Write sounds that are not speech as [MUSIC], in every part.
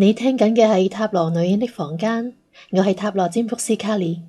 你聽緊嘅係《塔羅女人的房間》，我係塔羅占卜師卡莉。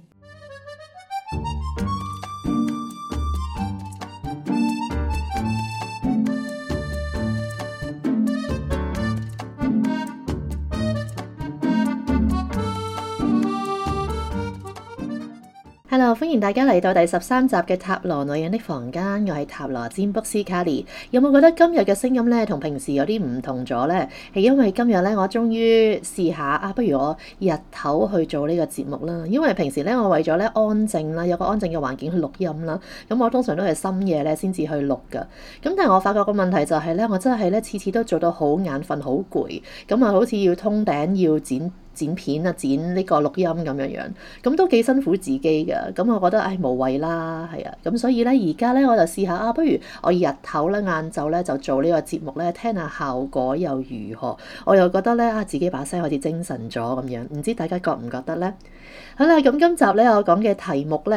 啦！Hello，歡迎大家嚟到第十三集嘅塔羅女人的房間，我係塔羅占卜師卡莉。有冇覺得今日嘅聲音咧，同平時有啲唔同咗呢？係因為今日咧，我終於試下啊，不如我日頭去做呢個節目啦。因為平時咧，我為咗咧安靜啦，有個安靜嘅環境去錄音啦。咁我通常都係深夜咧先至去錄噶。咁但係我發覺個問題就係咧，我真係咧次次都做到好眼瞓，好攰。咁啊，好似要通頂，要剪。剪片啊，剪呢個錄音咁樣樣，咁都幾辛苦自己㗎，咁我覺得唉無謂啦，係啊，咁所以呢，而家呢，我就試下啊，不如我日頭呢，晏晝呢，就做呢個節目呢，聽下效果又如何？我又覺得呢，啊，自己把聲好似精神咗咁樣，唔知大家覺唔覺得呢？好啦，咁今集呢，我講嘅題目呢，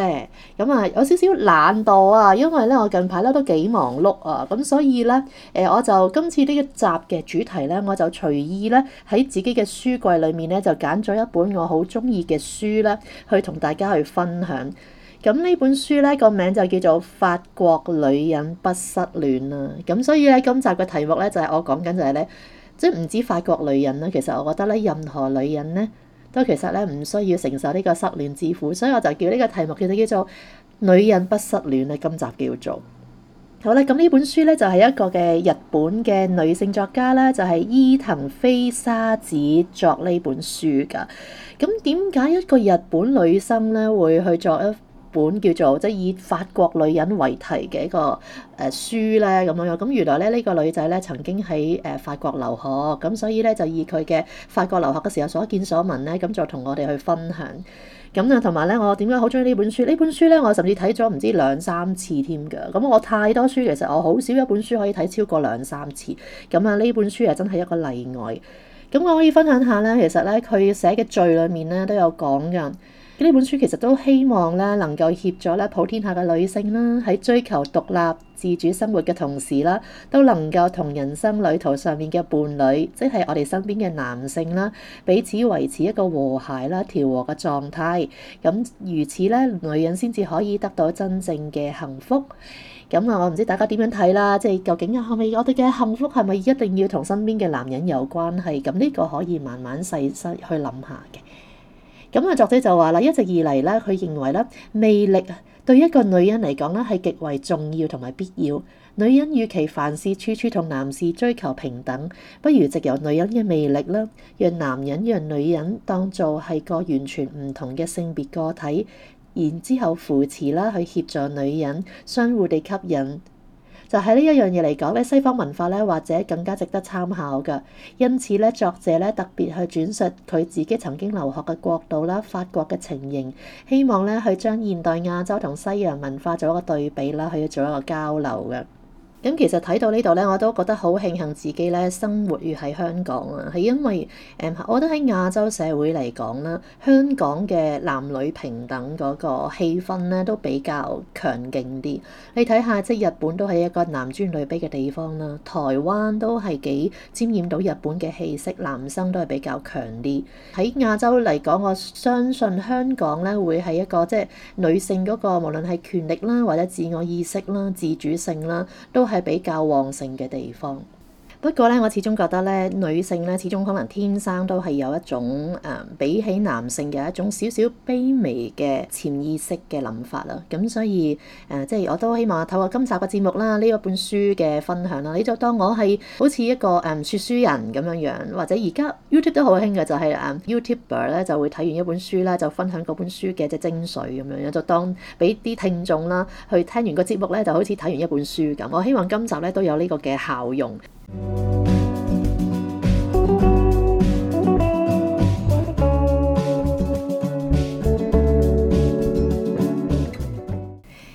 咁啊有少少懶惰啊，因為呢，我近排呢，都幾忙碌啊，咁所以呢，誒我就今次呢一集嘅主題呢，我就隨意呢，喺自己嘅書櫃裏面呢。就。揀咗一本我好中意嘅書啦，去同大家去分享。咁呢本書呢個名就叫做《法國女人不失戀》啊。咁所以呢，今集嘅題目呢，就係、是、我講緊就係、是、呢，即係唔止法國女人呢，其實我覺得呢，任何女人呢，都其實呢唔需要承受呢個失戀之苦，所以我就叫呢個題目其實叫做《女人不失戀》呢今集叫做。好啦，咁呢本書咧就係一個嘅日本嘅女性作家啦，就係伊藤非沙子作呢本書噶。咁點解一個日本女生咧會去作一本叫做即係以法國女人為題嘅一個誒書呢。咁樣樣，咁原來咧呢個女仔咧曾經喺誒法國留學，咁所以呢，就以佢嘅法國留學嘅時候所見所聞呢，咁，就同我哋去分享。咁啊，同埋呢，我點解好中意呢本書？呢本書呢，我甚至睇咗唔知兩三次添㗎。咁我太多書，其實我好少一本書可以睇超過兩三次。咁啊，呢本書係真係一個例外。咁我可以分享下呢，其實呢，佢寫嘅序裡面呢，都有講㗎。呢本書其實都希望咧，能夠協助咧普天下嘅女性啦，喺追求獨立自主生活嘅同時啦，都能夠同人生旅途上面嘅伴侶，即係我哋身邊嘅男性啦，彼此維持一個和諧啦、調和嘅狀態。咁如此咧，女人先至可以得到真正嘅幸福。咁啊，我唔知大家點樣睇啦，即係究竟啊，係咪我哋嘅幸福係咪一定要同身邊嘅男人有關係？咁呢個可以慢慢細細去諗下嘅。咁啊，作者就話啦，一直以嚟咧，佢認為咧，魅力對一個女人嚟講咧係極為重要同埋必要。女人與其凡事處處同男士追求平等，不如藉由女人嘅魅力啦，讓男人、讓女人當做係個完全唔同嘅性別個體，然之後扶持啦，去協助女人相互地吸引。就喺呢一樣嘢嚟講咧，西方文化咧，或者更加值得參考㗎。因此咧，作者咧特別去轉述佢自己曾經留學嘅國度啦，法國嘅情形，希望咧去將現代亞洲同西洋文化做一個對比啦，去做一個交流嘅。咁其實睇到呢度呢，我都覺得好慶幸自己呢生活於喺香港啊，係因為誒，我覺得喺亞洲社會嚟講啦，香港嘅男女平等嗰個氣氛呢都比較強勁啲。你睇下，即係日本都係一個男尊女卑嘅地方啦，台灣都係幾沾染到日本嘅氣息，男生都係比較強啲。喺亞洲嚟講，我相信香港呢會係一個即係女性嗰個無論係權力啦，或者自我意識啦、自主性啦，都係，係比較旺盛嘅地方。不過咧，我始終覺得咧，女性咧始終可能天生都係有一種誒、呃，比起男性嘅一種少少卑微嘅潛意識嘅諗法啦。咁所以誒，即、呃、係、就是、我都希望透過今集嘅節目啦，呢一本書嘅分享啦，你就當我係好似一個誒説、嗯、書人咁樣樣，或者而家 YouTube 都好興嘅，就係、是、誒 YouTuber 咧就會睇完一本書啦，就分享嗰本書嘅即精髓咁樣樣，就當俾啲聽眾啦去聽完個節目咧，就好似睇完一本書咁。我希望今集咧都有呢個嘅效用。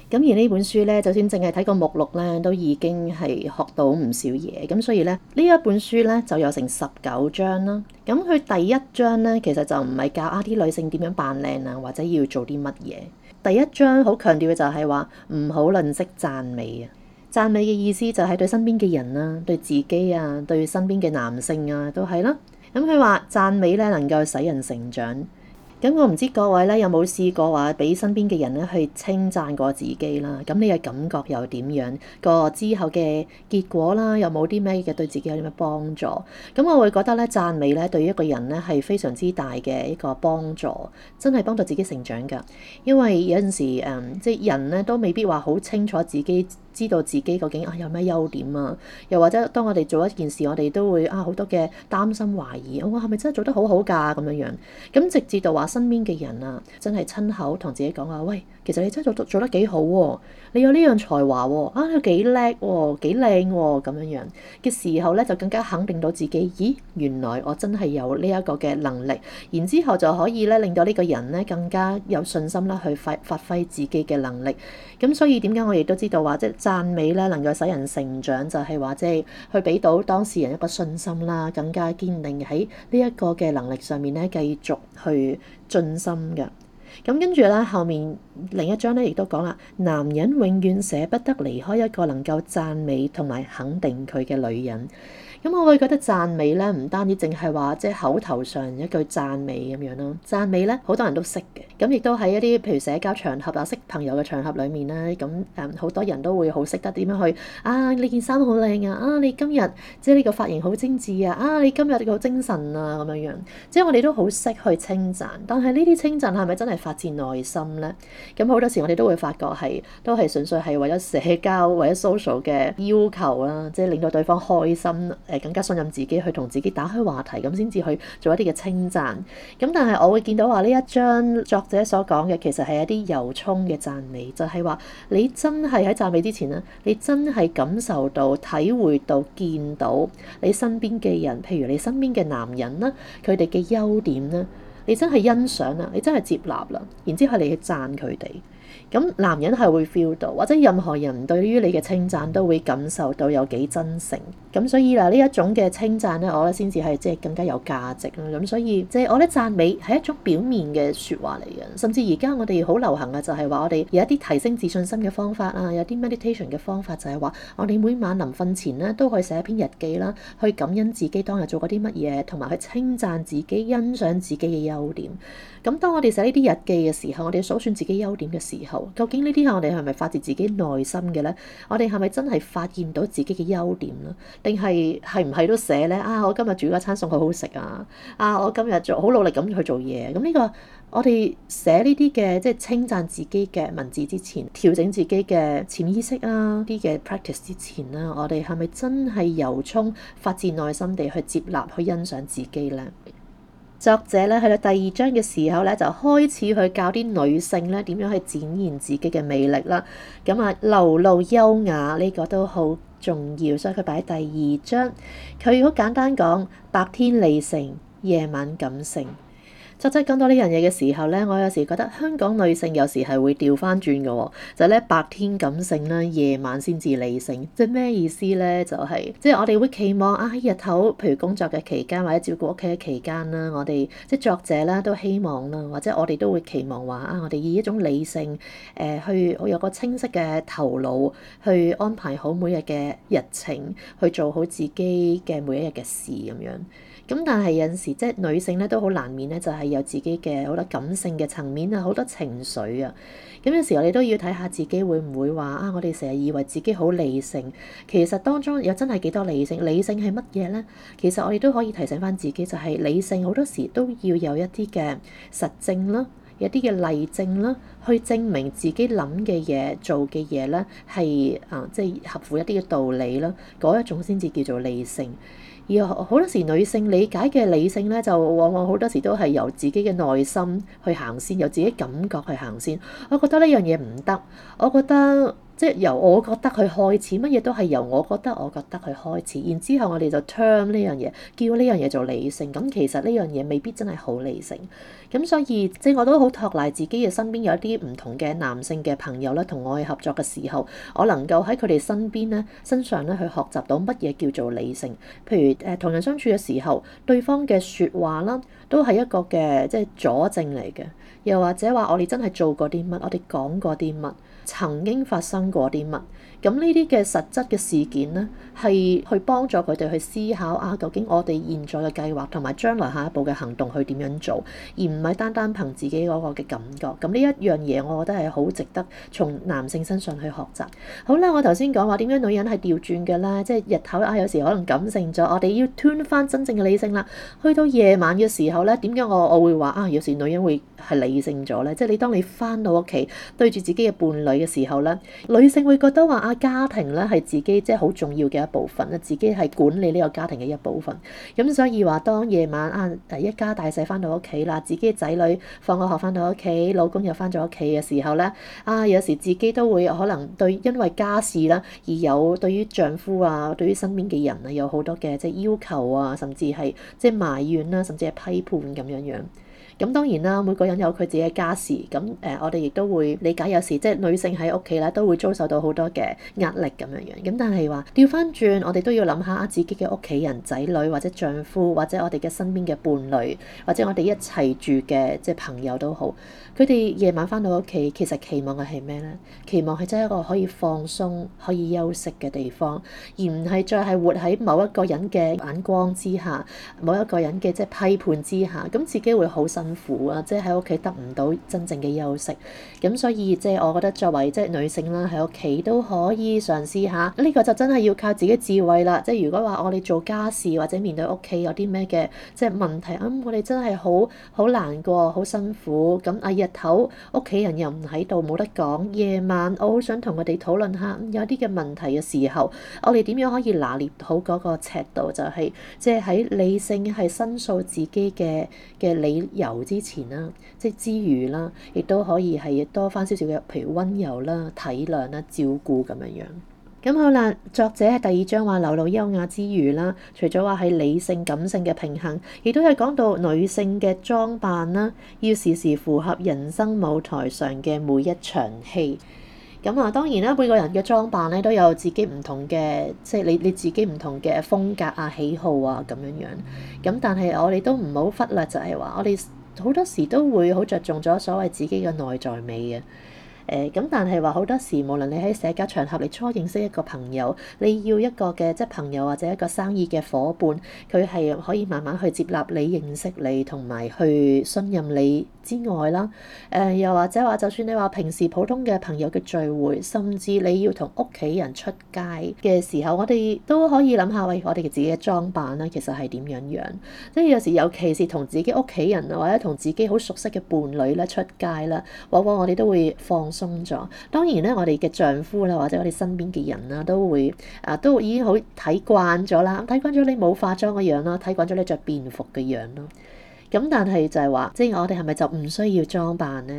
咁而呢本書呢，就算淨係睇個目錄呢，都已經係學到唔少嘢。咁所以呢，呢一本書呢就有成十九章啦。咁佢第一章呢，其實就唔係教啊啲女性點樣扮靚啊，或者要做啲乜嘢。第一章好強調嘅就係話，唔好吝嗇讚美啊。讚美嘅意思就係對身邊嘅人啦、啊，對自己啊，對身邊嘅男性啊，都係啦。咁佢話讚美咧，能夠使人成長。咁、嗯、我唔知各位咧有冇試過話俾身邊嘅人咧去稱讚過自己啦？咁、嗯、你嘅感覺又點樣？個之後嘅結果啦，有冇啲咩嘅對自己有啲咩幫助？咁、嗯、我會覺得咧，讚美咧對於一個人咧係非常之大嘅一個幫助，真係幫到自己成長㗎。因為有陣時誒、嗯，即係人咧都未必話好清楚自己。知道自己究竟啊有咩優點啊，又或者當我哋做一件事，我哋都會啊好多嘅擔心懷疑，哇係咪真係做得好好㗎咁樣樣，咁直接就話身邊嘅人啊，真係親口同自己講話、啊，喂。其實你真做做得幾好喎、啊！你有呢樣才華喎、啊，啊幾叻喎，幾靚喎，咁、啊、樣樣嘅時候咧，就更加肯定到自己。咦，原來我真係有呢一個嘅能力，然之後就可以咧令到呢個人咧更加有信心啦，去發發揮自己嘅能力。咁所以點解我亦都知道話，即係讚美咧能夠使人成長，就係話即係去俾到當事人一個信心啦，更加堅定喺呢一個嘅能力上面咧，繼續去進心嘅。咁跟住咧，後面。另一章咧，亦都講啦，男人永遠捨不得離開一個能夠讚美同埋肯定佢嘅女人。咁、嗯、我會覺得讚美咧，唔單止淨係話即係口頭上一句讚美咁樣咯。讚美咧，好多人都識嘅。咁亦都喺一啲譬如社交場合啊、識朋友嘅場合裡面咧，咁誒好多人都會好識得點樣去啊！呢件衫好靚啊！啊，你今日即係呢個髮型好精緻啊！啊，你今日你好精神啊！咁樣樣即係我哋都好識去稱讚，但係呢啲稱讚係咪真係發自內心咧？咁好多時我哋都會發覺係，都係純粹係為咗社交或者 social 嘅要求啦，即係令到對方開心，誒更加信任自己去同自己打開話題，咁先至去做一啲嘅稱讚。咁但係我會見到話呢一張作者所講嘅，其實係一啲由衷嘅讚美，就係話你真係喺讚美之前咧，你真係感受到、體會到、見到你身邊嘅人，譬如你身邊嘅男人啦，佢哋嘅優點啦。你真係欣賞啦，你真係接納啦，然之後你去讚佢哋。咁男人係會 feel 到，或者任何人對於你嘅稱讚都會感受到有幾真誠。咁所以嗱，呢一種嘅稱讚咧，我覺得先至係即係更加有價值啦。咁所以即係我覺得讚美係一種表面嘅説話嚟嘅，甚至而家我哋好流行嘅就係話我哋有一啲提升自信心嘅方法啦，有啲 meditation 嘅方法就係話我哋每晚臨瞓前呢，都可以寫一篇日記啦，去感恩自己當日做過啲乜嘢，同埋去稱讚自己、欣賞自己嘅優點。咁當我哋寫呢啲日記嘅時候，我哋數算自己優點嘅時候，究竟呢啲係我哋係咪發自自己內心嘅呢？我哋係咪真係發現到自己嘅優點呢？定係係唔係都寫呢？啊，我今日煮咗餐餸好食啊！啊，我今日做好努力咁去做嘢。咁呢個我哋寫呢啲嘅即係稱讚自己嘅文字之前，調整自己嘅潛意識啊啲嘅 practice 之前啦，我哋係咪真係由衷發自內心地去接納、去欣賞自己呢？作者咧去到第二章嘅時候咧，就開始去教啲女性咧點樣去展現自己嘅魅力啦。咁啊，流露優雅呢個都好重要，所以佢擺第二章。佢好簡單講，白天理性，夜晚感性。作者講到呢樣嘢嘅時候呢，我有時覺得香港女性有時係會調翻轉嘅喎，就係呢白天感性啦，夜晚先至理性。即咩意思呢？就係即我哋會期望啊，喺日頭譬如工作嘅期間或者照顧屋企嘅期間啦，我哋即作者啦都希望啦，或者我哋都會期望話啊，我哋以一種理性誒去有個清晰嘅頭腦去安排好每日嘅日程，去做好自己嘅每一日嘅事咁樣。咁但係有陣時，即係女性咧都好難免咧，就係有自己嘅好多感性嘅層面啊，好多情緒啊。咁有時候你都要睇下自己會唔會話啊，我哋成日以為自己好理性，其實當中有真係幾多理性？理性係乜嘢咧？其實我哋都可以提醒翻自己，就係理性好多時都要有一啲嘅實證囉。有啲嘅例證啦，去證明自己諗嘅嘢、做嘅嘢咧，係啊，即係合乎一啲嘅道理啦。嗰一種先至叫做理性。而好多時女性理解嘅理性咧，就往往好多時都係由自己嘅內心去行先，由自己感覺去行先。我覺得呢樣嘢唔得。我覺得。即係由我覺得去開始，乜嘢都係由我覺得，我覺得去開始。然之後我哋就 turn 呢樣嘢，叫呢樣嘢做理性。咁其實呢樣嘢未必真係好理性。咁所以即係我都好托賴自己嘅身邊有一啲唔同嘅男性嘅朋友咧，同我去合作嘅時候，我能夠喺佢哋身邊咧、身上咧去學習到乜嘢叫做理性。譬如誒，同人相處嘅時候，對方嘅説話啦，都係一個嘅即係佐證嚟嘅。又或者話，我哋真係做過啲乜，我哋講過啲乜。曾經發生過啲乜？咁呢啲嘅實質嘅事件呢，係去幫助佢哋去思考啊，究竟我哋現在嘅計劃同埋將來下一步嘅行動去點樣做，而唔係單單憑自己嗰個嘅感覺。咁呢一樣嘢，我覺得係好值得從男性身上去學習。好啦，我頭先講話點解女人係調轉嘅啦，即係日頭啊，有時可能感性咗，我哋要 turn 翻真正嘅理性啦。去到夜晚嘅時候呢，點解我我會話啊？有時女人會係理性咗呢？即係你當你翻到屋企對住自己嘅伴侶嘅時候呢，女性會覺得話啊～家庭咧，係自己即係好重要嘅一部分咧，自己係管理呢個家庭嘅一部分。咁、嗯、所以話當夜晚啊，一家大細翻到屋企啦，自己嘅仔女放咗學翻到屋企，老公又翻咗屋企嘅時候咧，啊有時自己都會可能對因為家事啦而有對於丈夫啊，對於身邊嘅人啊有好多嘅即係要求啊，甚至係即係埋怨啦、啊，甚至係批判咁樣樣。咁當然啦，每個人有佢自己嘅家事，咁誒，我哋亦都會理解有時即係、就是、女性喺屋企咧都會遭受到好多嘅壓力咁樣樣，咁但係話掉返轉，我哋都要諗下自己嘅屋企人、仔女或者丈夫或者我哋嘅身邊嘅伴侶或者我哋一齊住嘅即係朋友都好。佢哋夜晚翻到屋企，其實期望嘅係咩咧？期望係真係一個可以放鬆、可以休息嘅地方，而唔係再係活喺某一個人嘅眼光之下、某一個人嘅即係批判之下，咁自己會好辛苦啊！即係喺屋企得唔到真正嘅休息。咁所以即係我覺得作為即係女性啦，喺屋企都可以嘗試下。呢個就真係要靠自己智慧啦。即係如果話我哋做家事或者面對屋企有啲咩嘅即係問題啊，我哋真係好好難過好辛苦。咁阿日頭屋企人又唔喺度，冇得講。夜晚我好想同佢哋討論下有啲嘅問題嘅時候，我哋點樣可以拿捏好嗰個尺度，就係，就係即係喺理性係申訴自己嘅嘅理由之前啦，即、就係、之餘啦，亦都可以係多翻少少嘅，譬如温柔啦、體諒啦、照顧咁樣樣。咁好啦，作者喺第二章話流露優雅之餘啦，除咗話係理性感性嘅平衡，亦都係講到女性嘅裝扮啦，要時時符合人生舞台上嘅每一場戲。咁啊，當然啦，每個人嘅裝扮咧都有自己唔同嘅，即係你你自己唔同嘅風格啊、喜好啊咁樣樣。咁但係我哋都唔好忽略就係話我哋好多時都會好着重咗所謂自己嘅內在美嘅。誒咁，但係話好多時，無論你喺社交場合，你初認識一個朋友，你要一個嘅即係朋友或者一個生意嘅夥伴，佢係可以慢慢去接納你、認識你同埋去信任你之外啦。誒、呃，又或者話，就算你話平時普通嘅朋友嘅聚會，甚至你要同屋企人出街嘅時候，我哋都可以諗下，喂，我哋嘅自己嘅裝扮咧，其實係點樣樣？即係有時，尤其是同自己屋企人或者同自己好熟悉嘅伴侶咧出街啦，往往我哋都會放鬆咗，當然咧，我哋嘅丈夫啦，或者我哋身邊嘅人啦，都會啊，都已經好睇慣咗啦，咁睇慣咗你冇化妝嘅樣啦，睇慣咗你着便服嘅樣咯。咁但係就係話，即係我哋係咪就唔需要裝扮呢？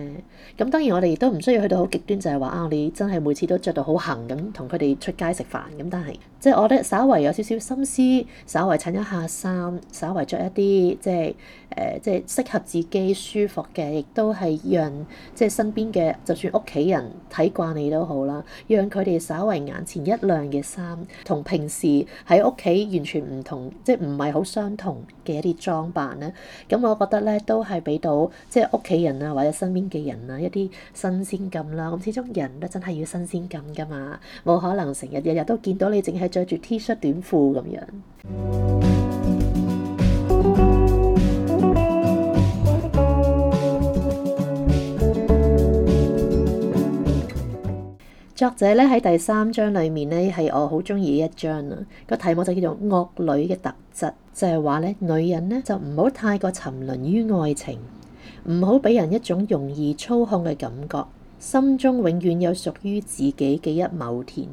咁當然我哋亦都唔需要去到好極端，就係話啊，你真係每次都着到好行咁同佢哋出街食飯咁。但係即係我覺得稍為有少少心思，稍為襯一下衫，稍為着一啲即係誒即係適合自己舒服嘅，亦都係讓即係身邊嘅，就算屋企人睇慣你都好啦，讓佢哋稍為眼前一亮嘅衫，同平時喺屋企完全唔同，即係唔係好相同嘅一啲裝扮呢？咁咁我覺得咧，都係俾到即係屋企人啊，或者身邊嘅人啊一啲新鮮感啦。咁始終人都真係要新鮮感㗎嘛，冇可能成日日日都見到你淨係着住 T 恤短褲咁樣。 [MUSIC] 作者咧喺第三章裡面呢，係我好中意嘅一章啊。個題目就叫做《惡女嘅特質》。就係話咧，女人咧就唔好太過沉淪於愛情，唔好俾人一種容易操控嘅感覺，心中永遠有屬於自己嘅一畝田。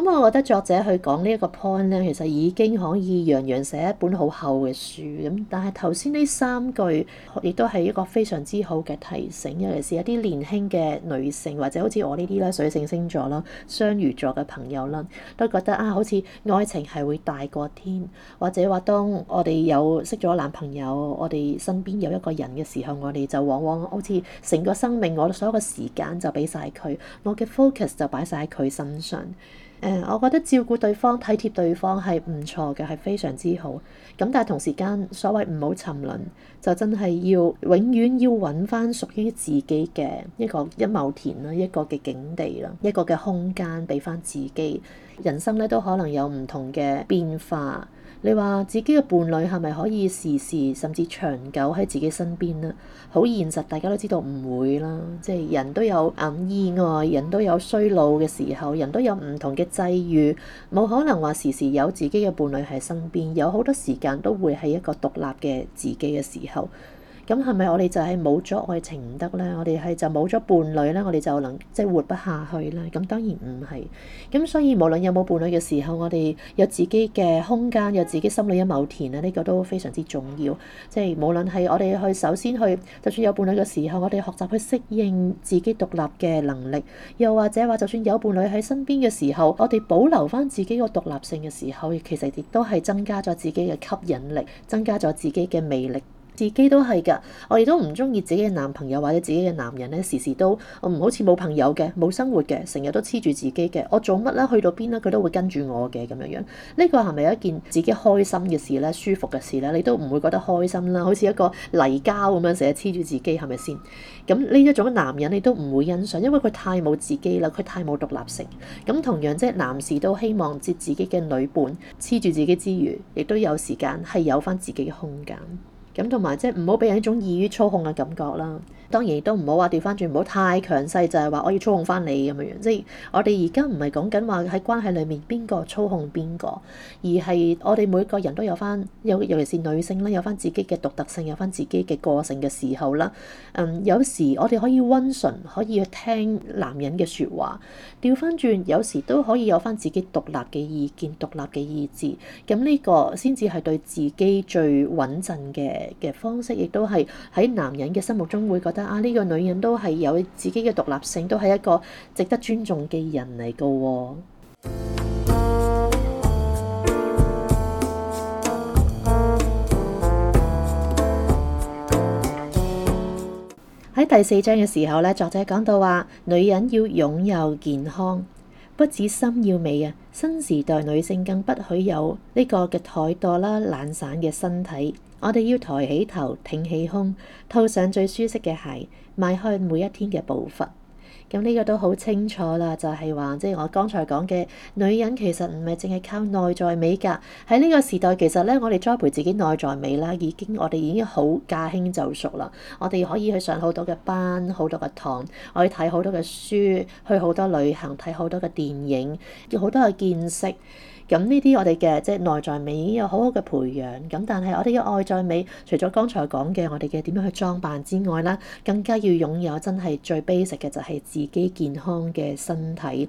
咁我覺得作者去講呢一個 point 咧，其實已經可以洋洋寫一本好厚嘅書咁。但係頭先呢三句亦都係一個非常之好嘅提醒，尤其是一啲年輕嘅女性或者好似我呢啲啦，水性星座啦，雙魚座嘅朋友啦，都覺得啊，好似愛情係會大過天，或者話當我哋有識咗男朋友，我哋身邊有一個人嘅時候，我哋就往往好似成個生命，我所有嘅時間就俾晒佢，我嘅 focus 就擺晒喺佢身上。誒，我覺得照顧對方、體貼對方係唔錯嘅，係非常之好。咁但係同時間，所謂唔好沉淪，就真係要永遠要揾翻屬於自己嘅一個一畝田啦，一個嘅境地啦，一個嘅空間俾翻自己。人生咧都可能有唔同嘅變化。你話自己嘅伴侶係咪可以時時甚至長久喺自己身邊呢？好現實，大家都知道唔會啦。即係人都有啊意外，人都有衰老嘅時候，人都有唔同嘅際遇，冇可能話時時有自己嘅伴侶喺身邊，有好多時間都會係一個獨立嘅自己嘅時候。咁係咪我哋就係冇咗愛情唔得呢？我哋係就冇咗伴侶呢，我哋就能即係、就是、活不下去咧？咁當然唔係。咁所以無論有冇伴侶嘅時候，我哋有自己嘅空間，有自己心裏一畝田啊，呢、這個都非常之重要。即、就、係、是、無論係我哋去首先去，就算有伴侶嘅時候，我哋學習去適應自己獨立嘅能力；又或者話，就算有伴侶喺身邊嘅時候，我哋保留返自己個獨立性嘅時候，其實亦都係增加咗自己嘅吸引力，增加咗自己嘅魅力。自己都係㗎，我哋都唔中意自己嘅男朋友或者自己嘅男人呢，時時都我唔好似冇朋友嘅，冇生活嘅，成日都黐住自己嘅。我做乜咧？去到邊咧？佢都會跟住我嘅咁樣樣。呢個係咪一件自己開心嘅事呢？舒服嘅事呢？你都唔會覺得開心啦，好似一個泥膠咁樣，成日黐住自己係咪先？咁呢一種男人你都唔會欣賞，因為佢太冇自己啦，佢太冇獨立性。咁同樣即係男士都希望接自己嘅女伴黐住自己之餘，亦都有時間係有返自己嘅空間。咁同埋即係唔好俾人一種易於操控嘅感覺啦。當然亦都唔好話調翻轉，唔好太強勢，就係話我要操控翻你咁樣樣，即係我哋而家唔係講緊話喺關係裏面邊個操控邊個，而係我哋每個人都有翻，尤尤其是女性啦，有翻自己嘅獨特性，有翻自己嘅個性嘅時候啦。嗯，有時我哋可以溫順，可以去聽男人嘅說話，調翻轉，有時都可以有翻自己獨立嘅意見，獨立嘅意志。咁呢個先至係對自己最穩陣嘅。嘅方式亦都係喺男人嘅心目中會覺得啊，呢、這個女人都係有自己嘅獨立性，都係一個值得尊重嘅人嚟噶。喺第四章嘅時候咧，作者講到話：女人要擁有健康，不止心要美啊。新時代女性更不許有呢個嘅怠惰啦、懶散嘅身體。我哋要抬起頭，挺起胸，套上最舒適嘅鞋，邁開每一天嘅步伐。咁呢個都好清楚啦，就係話即係我剛才講嘅，女人其實唔係淨係靠內在美㗎。喺呢個時代，其實咧我哋栽培自己內在美啦，已經我哋已經好駕輕就熟啦。我哋可以去上好多嘅班，好多嘅堂，可以睇好多嘅書，去好多旅行，睇好多嘅電影，要好多嘅見識。咁呢啲我哋嘅即係內在美已經有好好嘅培養，咁但係我哋嘅外在美，除咗剛才講嘅我哋嘅點樣去裝扮之外啦，更加要擁有真係最 basic 嘅就係自己健康嘅身體。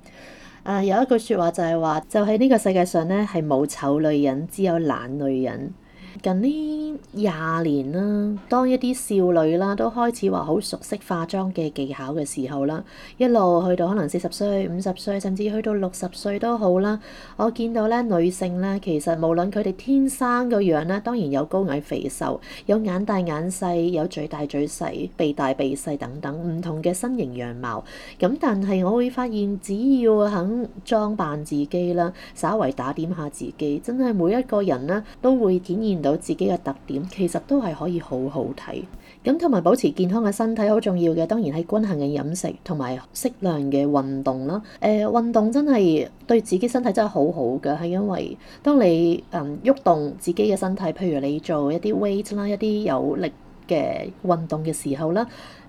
啊，有一句說話就係話，就喺呢個世界上咧，係冇醜女人，只有懶女人。近呢廿年啦，當一啲少女啦都開始話好熟悉化妝嘅技巧嘅時候啦，一路去到可能四十歲五十歲甚至去到六十歲都好啦。我見到咧，女性咧，其實無論佢哋天生個樣咧，當然有高矮肥瘦，有眼大眼細，有嘴大嘴細，鼻大鼻細等等唔同嘅身形樣貌。咁但係我會發現只要肯裝扮自己啦，稍為打點下自己，真係每一個人咧都會展現到有自己嘅特點，其實都係可以好好睇。咁同埋保持健康嘅身體好重要嘅，當然係均衡嘅飲食同埋適量嘅運動啦。誒、呃，運動真係對自己身體真係好好㗎，係因為當你誒喐、嗯、動、動自己嘅身體，譬如你做一啲 weight 啦、一啲有力嘅運動嘅時候啦，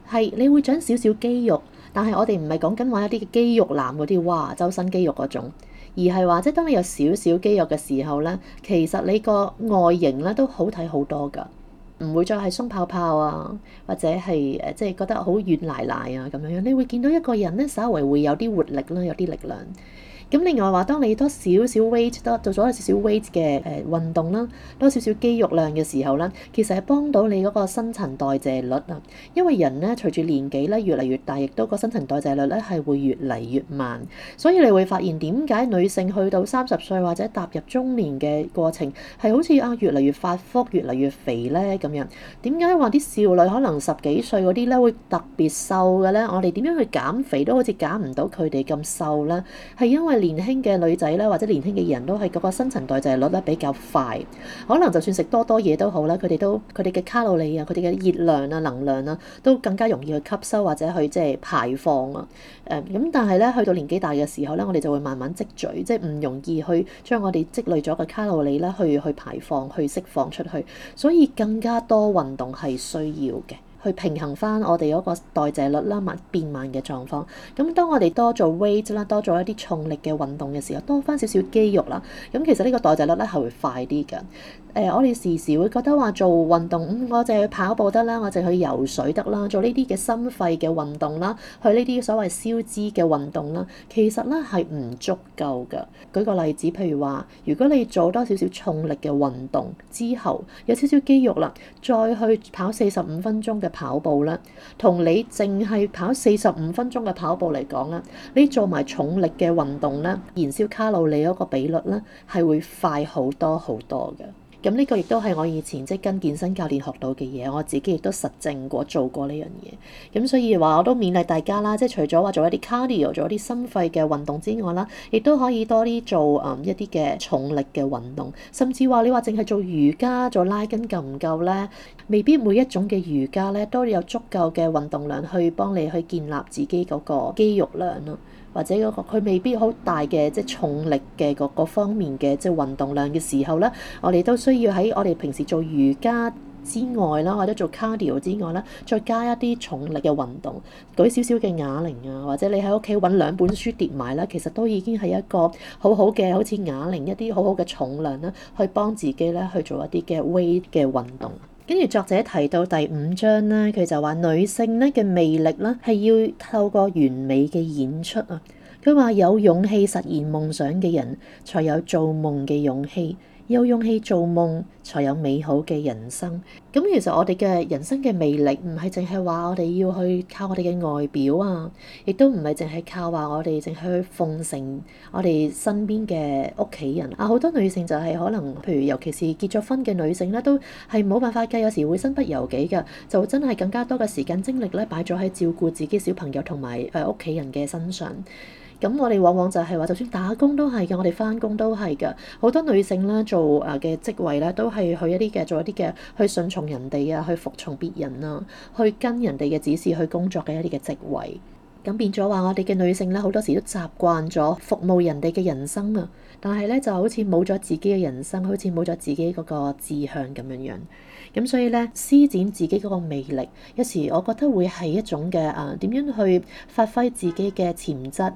係你會長少少肌肉。但係我哋唔係講緊話一啲嘅肌肉男嗰啲，哇，周身肌肉嗰種。而係話，即係當你有少少肌肉嘅時候咧，其實你個外形咧都好睇好多㗎，唔會再係鬆泡泡啊，或者係誒，即係覺得好軟賴賴啊咁樣樣。你會見到一個人咧，稍微會有啲活力啦，有啲力量。咁另外話，當你多少少 weight 多做咗少少 weight 嘅誒運動啦，多少少肌肉量嘅時候咧，其實係幫到你嗰個新陳代謝率啊。因為人咧隨住年紀咧越嚟越大，亦都個新陳代謝率咧係會越嚟越慢，所以你會發現點解女性去到三十歲或者踏入中年嘅過程係好似啊越嚟越發福、越嚟越肥咧咁樣？點解話啲少女可能十幾歲嗰啲咧會特別瘦嘅咧？我哋點樣去減肥都好似減唔到佢哋咁瘦啦？係因為年輕嘅女仔咧，或者年輕嘅人都係嗰個新陳代謝率咧比較快，可能就算食多多嘢都好啦，佢哋都佢哋嘅卡路里啊，佢哋嘅熱量啊，能量啊，都更加容易去吸收或者去即係排放啊。誒、嗯、咁，但係咧去到年紀大嘅時候咧，我哋就會慢慢積聚，即係唔容易去將我哋積累咗嘅卡路里咧，去去排放去釋放出去，所以更加多運動係需要嘅。去平衡翻我哋嗰個代謝率啦，慢變慢嘅狀況。咁當我哋多做 weight 啦，多做一啲重力嘅運動嘅時候，多翻少少肌肉啦，咁其實呢個代謝率咧係會快啲嘅。誒、呃，我哋時時會覺得話做運動，我就去跑步得啦，我就去游水得啦，做呢啲嘅心肺嘅運動啦，去呢啲所謂消脂嘅運動啦，其實咧係唔足夠㗎。舉個例子，譬如話，如果你做多少少重力嘅運動之後，有少少肌肉啦，再去跑四十五分鐘嘅跑步啦，同你淨係跑四十五分鐘嘅跑步嚟講啦，你做埋重力嘅運動啦，燃燒卡路里嗰個比率咧，係會快好多好多嘅。咁呢個亦都係我以前即跟健身教練學到嘅嘢，我自己亦都實證過做過呢樣嘢。咁所以話我都勉勵大家啦，即係除咗話做一啲 cardio，做一啲心肺嘅運動之外啦，亦都可以多啲做一啲嘅重力嘅運動，甚至話你話淨係做瑜伽做拉筋夠唔夠呢？未必每一種嘅瑜伽呢，都有足夠嘅運動量去幫你去建立自己嗰個肌肉量咯。或者嗰個佢未必好大嘅即係重力嘅各個方面嘅即係運動量嘅時候咧，我哋都需要喺我哋平時做瑜伽之外啦，或者做 cardio 之外啦，再加一啲重力嘅運動，舉少少嘅啞鈴啊，或者你喺屋企揾兩本書疊埋啦，其實都已經係一個好好嘅好似啞鈴一啲好好嘅重量啦，去幫自己咧去做一啲嘅 weight 嘅運動。跟住作者提到第五章呢，佢就話女性呢嘅魅力呢，係要透過完美嘅演出啊。佢話有勇氣實現夢想嘅人才有做夢嘅勇氣。有勇氣做夢，才有美好嘅人生。咁其實我哋嘅人生嘅魅力，唔係淨係話我哋要去靠我哋嘅外表啊，亦都唔係淨係靠話我哋淨係去奉承我哋身邊嘅屋企人啊。好多女性就係可能，譬如尤其是結咗婚嘅女性咧，都係冇辦法嘅，有時會身不由己嘅，就真係更加多嘅時間精力咧，擺咗喺照顧自己小朋友同埋誒屋企人嘅身上。咁我哋往往就係話，就算打工都係嘅，我哋翻工都係嘅。好多女性咧做啊嘅職位咧，都係去一啲嘅，做一啲嘅，去順從人哋啊，去服從別人啊，去跟人哋嘅指示去工作嘅一啲嘅職位。咁變咗話，我哋嘅女性咧，好多時都習慣咗服務人哋嘅人生啊。但係咧，就好似冇咗自己嘅人生，好似冇咗自己嗰個志向咁樣樣。咁所以咧，施展自己嗰個魅力，有時我覺得會係一種嘅啊，點樣去發揮自己嘅潛質。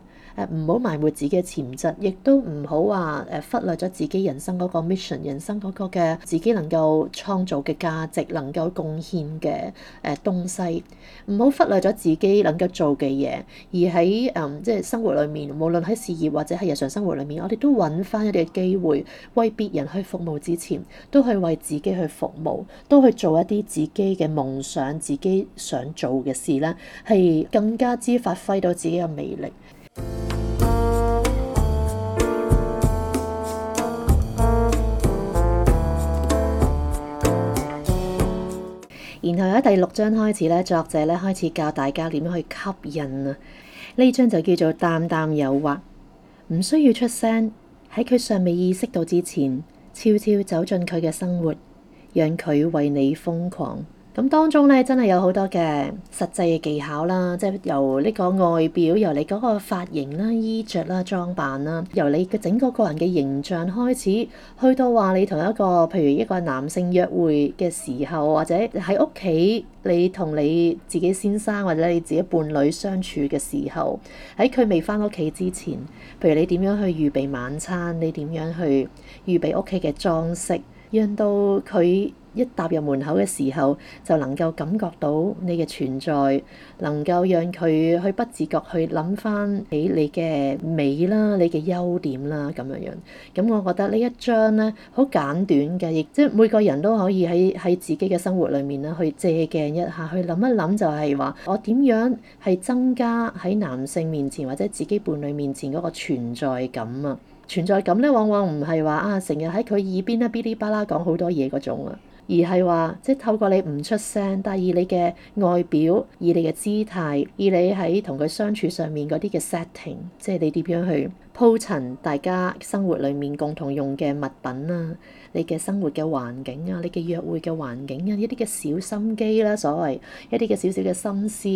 唔好埋沒自己嘅潛質，亦都唔好話誒忽略咗自己人生嗰個 mission，人生嗰個嘅自己能夠創造嘅價值，能夠貢獻嘅誒東西，唔好忽略咗自己能夠做嘅嘢。而喺誒即係生活裏面，無論喺事業或者係日常生活裏面，我哋都搵返一啲嘅機會，為別人去服務之前，都去為自己去服務，都去做一啲自己嘅夢想，自己想做嘅事啦，係更加之發揮到自己嘅魅力。然後喺第六章開始咧，作者咧開始教大家點樣去吸引啊！呢章，就叫做淡淡誘惑，唔需要出聲，喺佢尚未意識到之前，悄悄走進佢嘅生活，讓佢為你瘋狂。咁當中咧，真係有好多嘅實際嘅技巧啦，即係由呢個外表，由你嗰個髮型啦、衣着啦、裝扮啦，由你嘅整個個人嘅形象開始，去到話你同一個，譬如一個男性約會嘅時候，或者喺屋企你同你自己先生或者你自己伴侶相處嘅時候，喺佢未返屋企之前，譬如你點樣去預備晚餐，你點樣去預備屋企嘅裝飾，讓到佢，一踏入門口嘅時候，就能夠感覺到你嘅存在，能夠讓佢去不自覺去諗返起你嘅美啦，你嘅優點啦咁樣樣。咁我覺得呢一張咧好簡短嘅，亦即係每個人都可以喺喺自己嘅生活裡面咧，去借鏡一下，去諗一諗就係話我點樣係增加喺男性面前或者自己伴侶面前嗰個存在感啊？存在感咧往往唔係話啊成日喺佢耳邊咧，噼哩啪啦講好多嘢嗰種啊。而係話，即係透過你唔出聲，但係以你嘅外表，以你嘅姿態，以你喺同佢相處上面嗰啲嘅 setting，即係你點樣去鋪陳大家生活裏面共同用嘅物品啦，你嘅生活嘅環境啊，你嘅約會嘅環境啊，一啲嘅小心機啦，所謂一啲嘅小小嘅心思。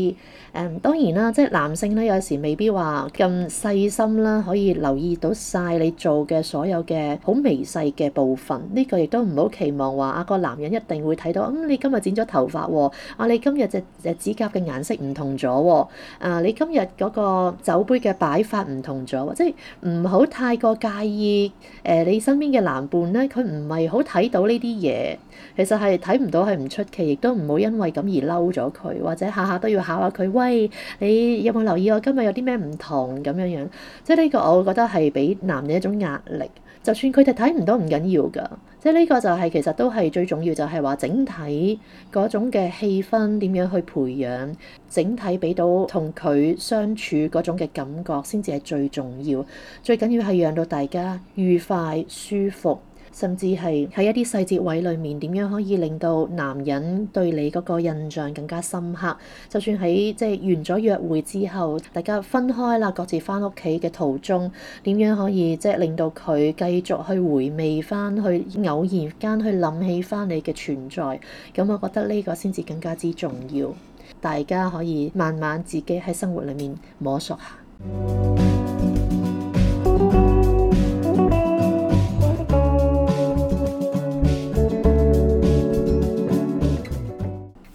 誒，當然啦，即係男性咧，有時未必話咁細心啦，可以留意到晒你做嘅所有嘅好微細嘅部分。呢個亦都唔好期望話啊，個男人一定會睇到。嗯，你今日剪咗頭髮喎，啊，你今日隻隻指甲嘅顏色唔同咗喎，啊，你今日嗰個酒杯嘅擺法唔同咗，或者係唔好太過介意，誒、呃、你身邊嘅男伴咧，佢唔係好睇到呢啲嘢，其實係睇唔到係唔出奇，亦都唔好因為咁而嬲咗佢，或者下下都要考下佢，喂，你有冇留意我今日有啲咩唔同咁樣樣？即係呢個我覺得係俾男人一種壓力，就算佢哋睇唔到唔緊要㗎。即係呢個就係其實都係最重要，就係話整體嗰種嘅氣氛點樣去培養，整體俾到同佢相處嗰種嘅感覺先至係最重要。最緊要係讓到大家愉快舒服。甚至係喺一啲細節位裏面，點樣可以令到男人對你嗰個印象更加深刻？就算喺即係完咗約會之後，大家分開啦，各自翻屋企嘅途中，點樣可以即係、就是、令到佢繼續去回味翻，去偶然間去諗起翻你嘅存在？咁我覺得呢個先至更加之重要，大家可以慢慢自己喺生活裏面摸索下。 [MUSIC]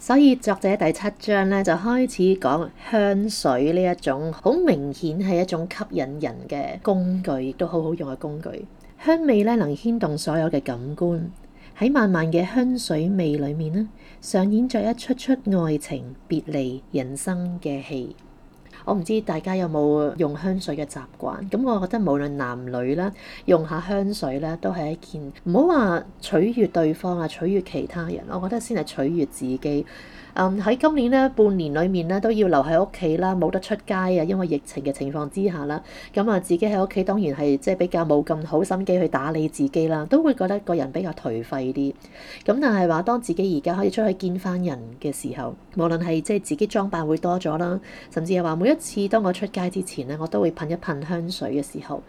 所以作者第七章咧，就開始講香水呢一種好明顯係一種吸引人嘅工具，亦都好好用嘅工具。香味咧，能牽動所有嘅感官。喺漫漫嘅香水味裏面咧，上演着一出出愛情別離人生嘅戲。我唔知大家有冇用香水嘅習慣，咁我覺得無論男女啦，用下香水咧都係一件，唔好話取悅對方啊，取悅其他人，我覺得先係取悅自己。嗯，喺今年咧半年裏面咧都要留喺屋企啦，冇得出街啊，因為疫情嘅情況之下啦。咁啊，自己喺屋企當然係即係比較冇咁好心機去打理自己啦，都會覺得個人比較頹廢啲。咁但係話當自己而家可以出去見返人嘅時候，無論係即係自己裝扮會多咗啦，甚至係話每一次當我出街之前咧，我都會噴一噴香水嘅時候。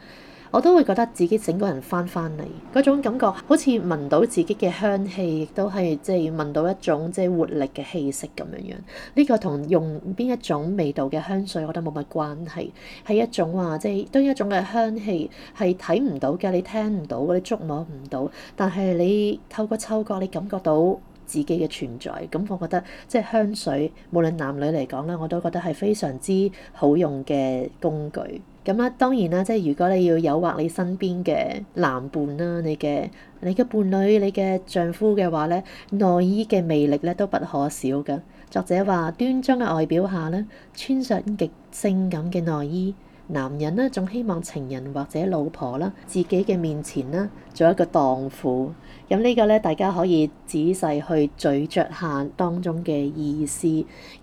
我都會覺得自己整個人翻翻嚟嗰種感覺，好似聞到自己嘅香氣，亦都係即係聞到一種即係活力嘅氣息咁樣樣。呢個同用邊一種味道嘅香水，我覺得冇乜關係，係一種話即係當一種嘅香氣，係睇唔到嘅，你聽唔到，你觸摸唔到，但係你透過嗅覺，你感覺到自己嘅存在。咁我覺得即係香水，無論男女嚟講咧，我都覺得係非常之好用嘅工具。咁啦，當然啦，即係如果你要誘惑你身邊嘅男伴啦，你嘅你嘅伴侶，你嘅丈夫嘅話咧，內衣嘅魅力咧都不可少㗎。作者話：端莊嘅外表下咧，穿上極性感嘅內衣。男人呢，總希望情人或者老婆啦，自己嘅面前啦，做一個蕩婦，咁呢個咧，大家可以仔細去咀嚼下當中嘅意思。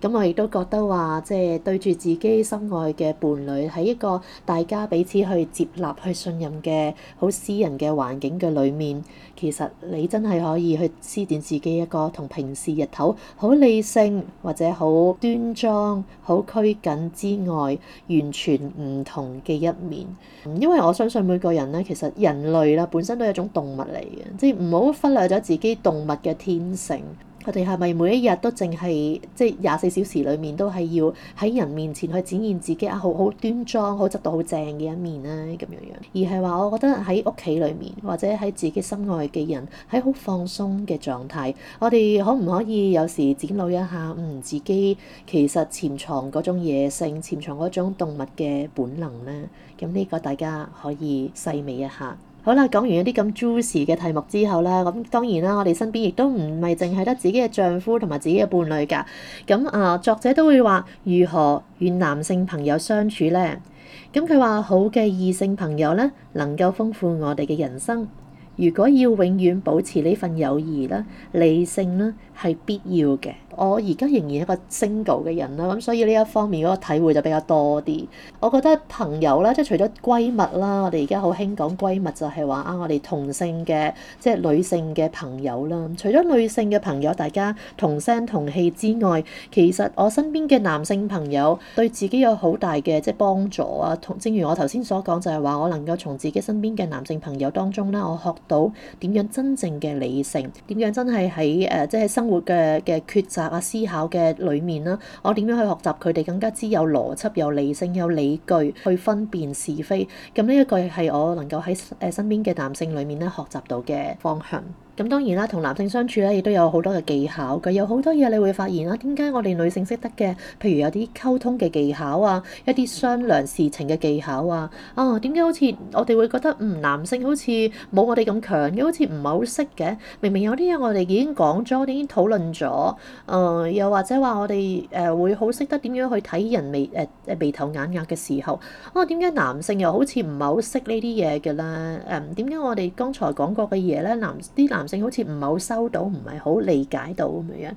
咁我亦都覺得話，即係對住自己心愛嘅伴侶，喺一個大家彼此去接納去信任嘅好私人嘅環境嘅裏面。其實你真係可以去試點自己一個同平時日頭好理性或者好端莊、好拘謹之外，完全唔同嘅一面。因為我相信每個人咧，其實人類啦本身都係一種動物嚟嘅，即係唔好忽略咗自己動物嘅天性。我哋係咪每一日都淨係即係廿四小時裏面都係要喺人面前去展現自己啊，好好端莊，好執到好正嘅一面呢？咁樣樣，而係話我覺得喺屋企裏面或者喺自己心愛嘅人，喺好放鬆嘅狀態，我哋可唔可以有時展露一下嗯，自己其實潛藏嗰種野性、潛藏嗰種動物嘅本能呢？咁呢個大家可以細味一下。好啦，講完一啲咁 juicy 嘅題目之後啦，咁當然啦，我哋身邊亦都唔係淨係得自己嘅丈夫同埋自己嘅伴侶㗎。咁啊，作者都會話如何與男性朋友相處咧？咁佢話好嘅異性朋友咧，能夠豐富我哋嘅人生。如果要永遠保持呢份友誼啦，理性啦，係必要嘅。我而家仍然係一個 single 嘅人啦，咁所以呢一方面嗰個體會就比較多啲。我覺得朋友啦，即係除咗閨蜜啦，我哋而家好興講閨蜜，就係話啊，我哋同性嘅即係女性嘅朋友啦。除咗女性嘅朋友，大家同聲同氣之外，其實我身邊嘅男性朋友對自己有好大嘅即係幫助啊。同正如我頭先所講就係話，我能夠從自己身邊嘅男性朋友當中啦，我學到點樣真正嘅理性，點樣真係喺誒即係生活嘅嘅抉擇。學習思考嘅裏面啦，我點樣去學習佢哋更加之有邏輯、有理性、有理據去分辨是非？咁呢一個係我能夠喺誒身邊嘅男性裏面咧學習到嘅方向。咁當然啦，同男性相處咧，亦都有好多嘅技巧嘅。有好多嘢，你會發現啦，點解我哋女性識得嘅，譬如有啲溝通嘅技巧啊，一啲商量事情嘅技巧啊，啊，點解好似我哋會覺得，嗯，男性好似冇我哋咁強嘅，好似唔係好識嘅。明明有啲嘢我哋已經講咗，我哋已經討論咗，誒、嗯，又或者話我哋誒會好識得點樣去睇人眉誒誒、呃、眉頭眼額嘅時候，哦、啊，點解男性又好似唔係好識呢啲嘢嘅啦？誒、啊，點解我哋剛才講過嘅嘢咧，男啲男男性好似唔係好收到，唔係好理解到咁樣樣，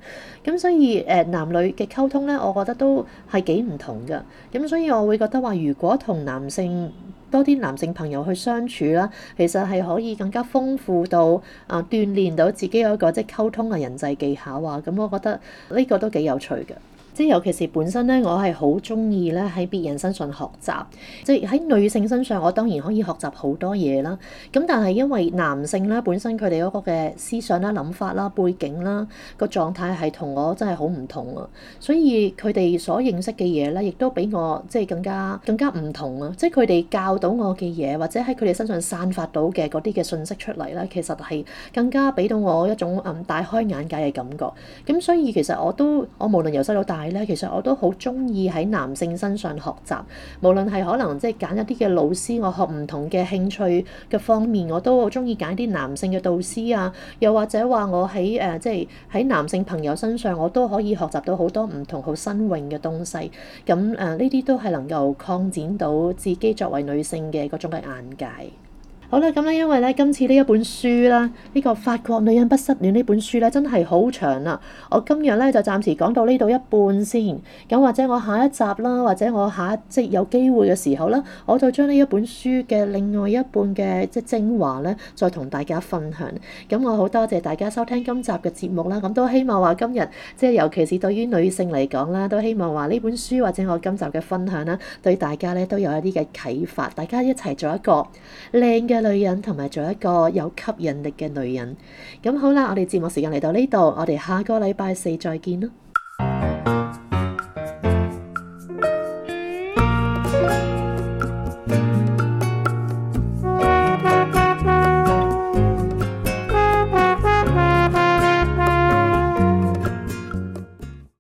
咁所以誒，男女嘅溝通咧，我覺得都係幾唔同噶。咁所以我會覺得話，如果同男性多啲男性朋友去相處啦，其實係可以更加豐富到啊，鍛煉到自己有一個即係溝通啊、人際技巧啊，咁我覺得呢個都幾有趣嘅。即係尤其是本身咧，我係好中意咧喺別人身上學習，即係喺女性身上，我當然可以學習好多嘢啦。咁但係因為男性啦，本身佢哋嗰個嘅思想啦、諗法啦、背景啦、個狀態係同我真係好唔同啊。所以佢哋所認識嘅嘢咧，亦都比我即係更加更加唔同啊。即係佢哋教到我嘅嘢，或者喺佢哋身上散發到嘅嗰啲嘅信息出嚟咧，其實係更加俾到我一種嗯大開眼界嘅感覺，咁所以其實我都，我無論由細到大。其實我都好中意喺男性身上學習，無論係可能即係揀一啲嘅老師，我學唔同嘅興趣嘅方面，我都好中意揀啲男性嘅導師啊。又或者話我喺誒即係喺男性朋友身上，我都可以學習到好多唔同好新穎嘅東西。咁誒，呢啲都係能夠擴展到自己作為女性嘅嗰種嘅眼界。好啦，咁咧，因為咧，今次呢一本書啦，呢個法國女人不失戀呢本書咧，真係好長啊！我今日咧就暫時講到呢度一半先，咁或者我下一集啦，或者我下一即有機會嘅時候咧，我就將呢一本書嘅另外一半嘅即精華咧，再同大家分享。咁我好多謝大家收聽今集嘅節目啦，咁都希望話今日即係尤其是對於女性嚟講啦，都希望話呢本書或者我今集嘅分享啦，對大家咧都有一啲嘅啟發，大家一齊做一個靚嘅嘅女人同埋做一個有吸引力嘅女人，咁好啦！我哋節目時間嚟到呢度，我哋下個禮拜四再見囉～